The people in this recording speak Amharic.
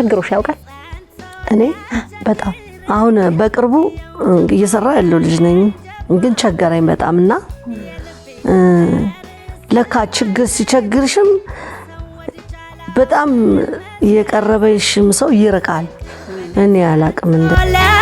ቸግሮሽ ያውቃል? እኔ በጣም አሁን በቅርቡ እየሰራ ያለው ልጅ ነኝ፣ ግን ቸገረኝ በጣም እና ለካ ችግር ሲቸግርሽም በጣም የቀረበሽም ሰው ይርቃል። እኔ አላቅም እንደ